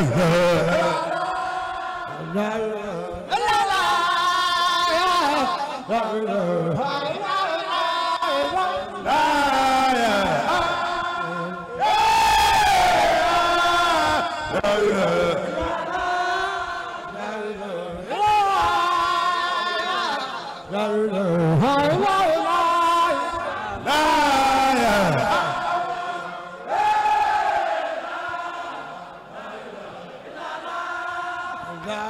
la la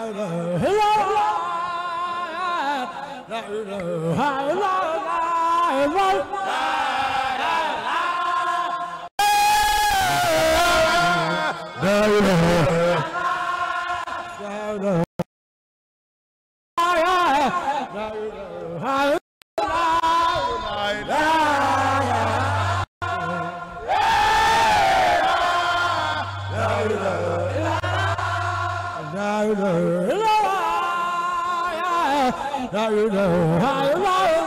la ilaha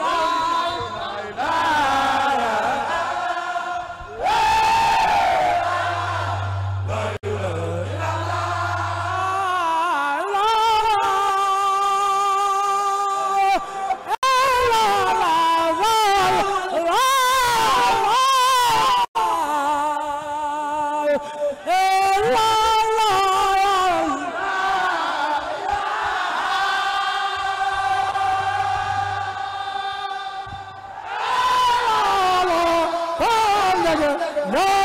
No!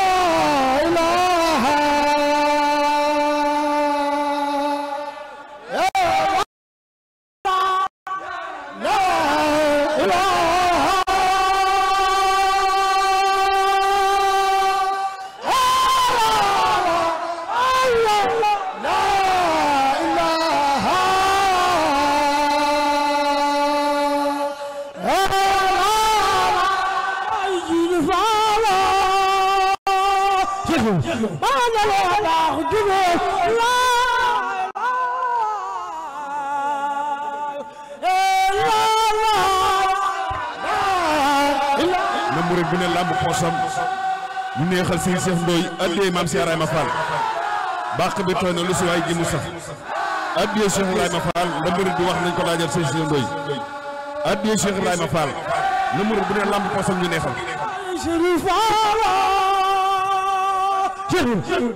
يجوز انا لا لا جنود bi ne ñu neexal sëñ Cheikh Ndoye addee maam si Ibrahima Fall bàq bi tooy na lu si waay gi sax addee Cheikh Ibrahima Fall la murit bi wax nañ ko laajal ñu neexal Cyril.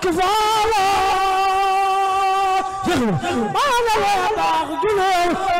كفالة يغلو أنا ولا غلو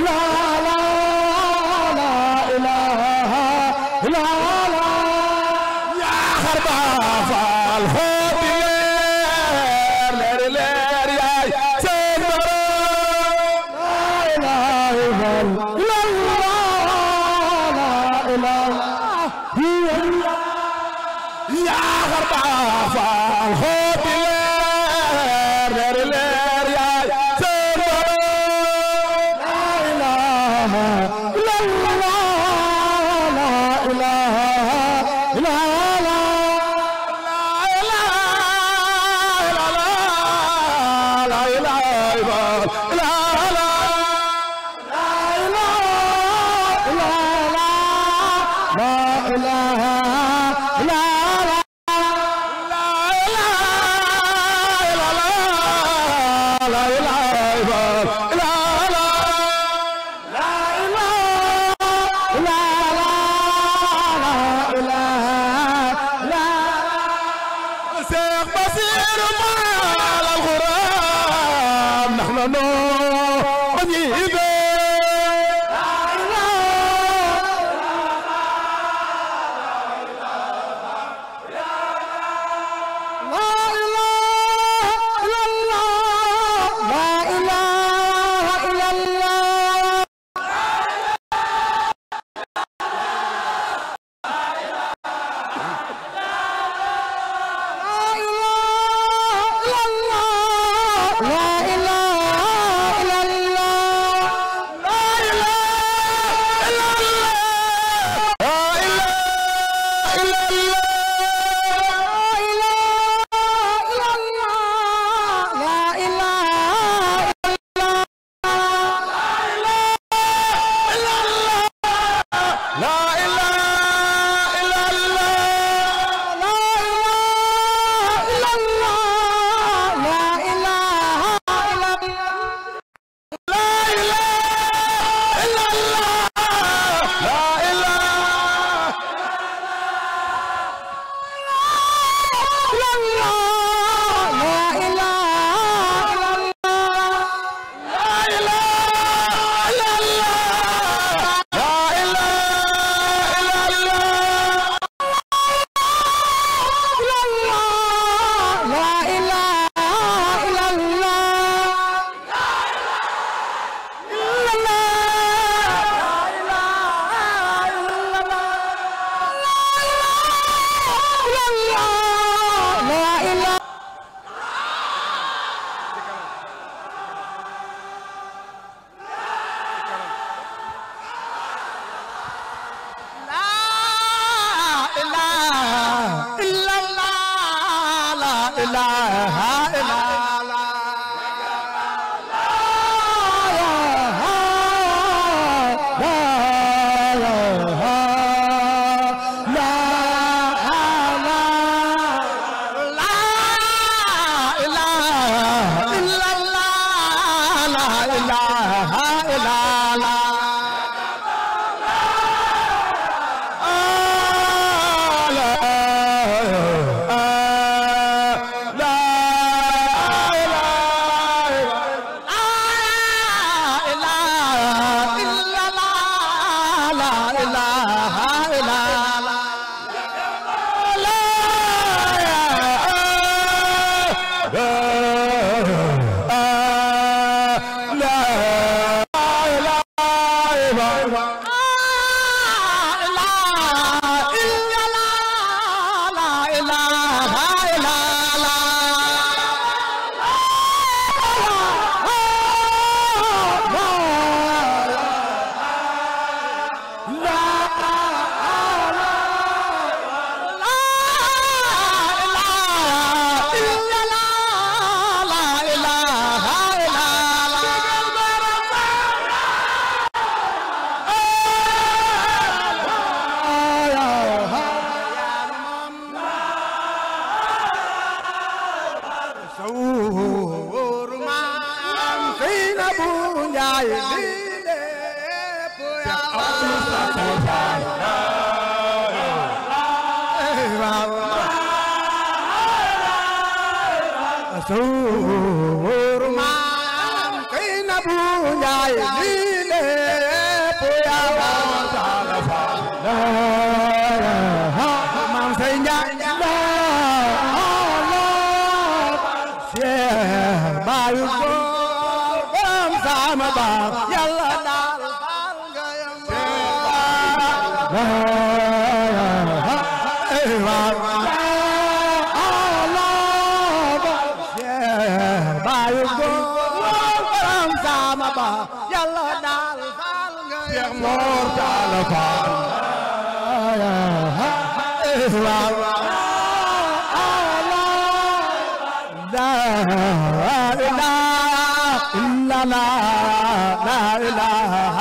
la غير ما على الغرام نحن نور lool Allah baayu góor borom sama baab yàlla daal baal nga yam Wow. la ilaha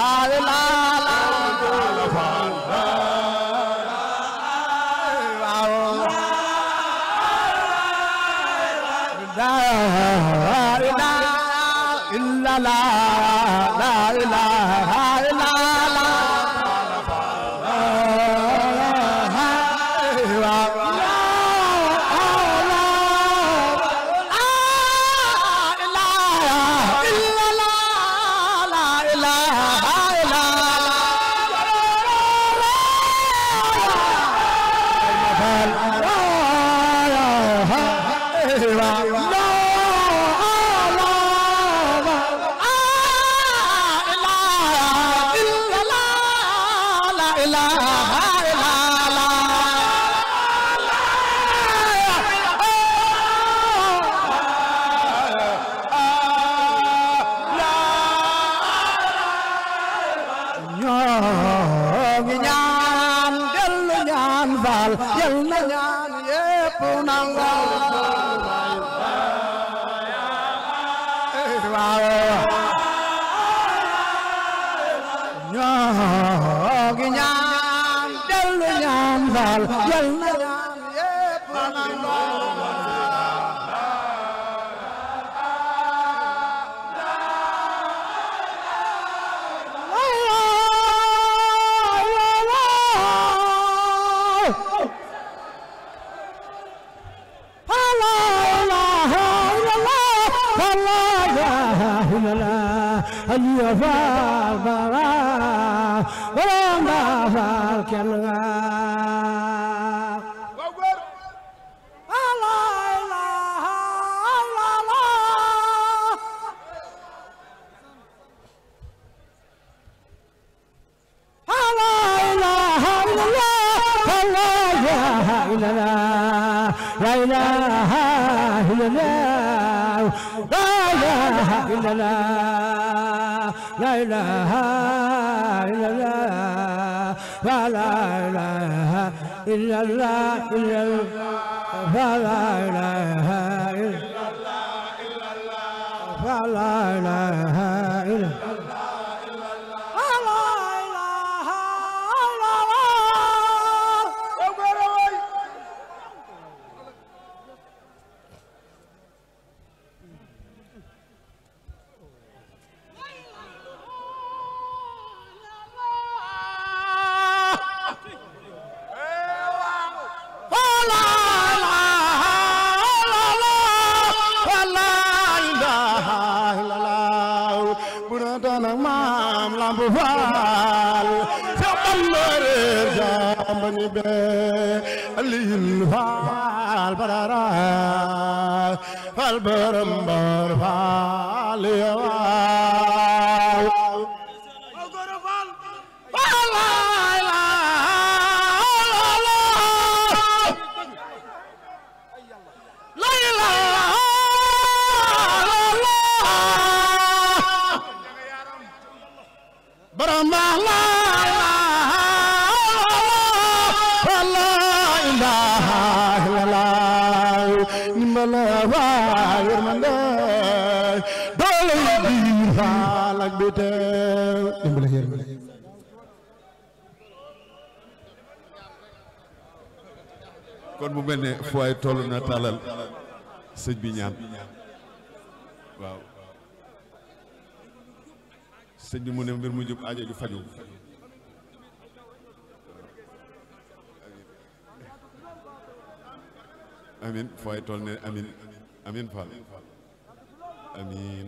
faal faal kenn nga لا إله إلا الله لا إله إلا الله فلا إله إلا الله إلا فلا إله إلا الله فلا إله Lamp Fall saxam ma reer saxam ni be bi teew dimbale yërmale kon bu mel ne fu waay toll na tàllal sëñ bi ñaan waaw sëñ bi mu ne mbir mu jub aajo faju amin fu waay toll ne amin amin Fall amin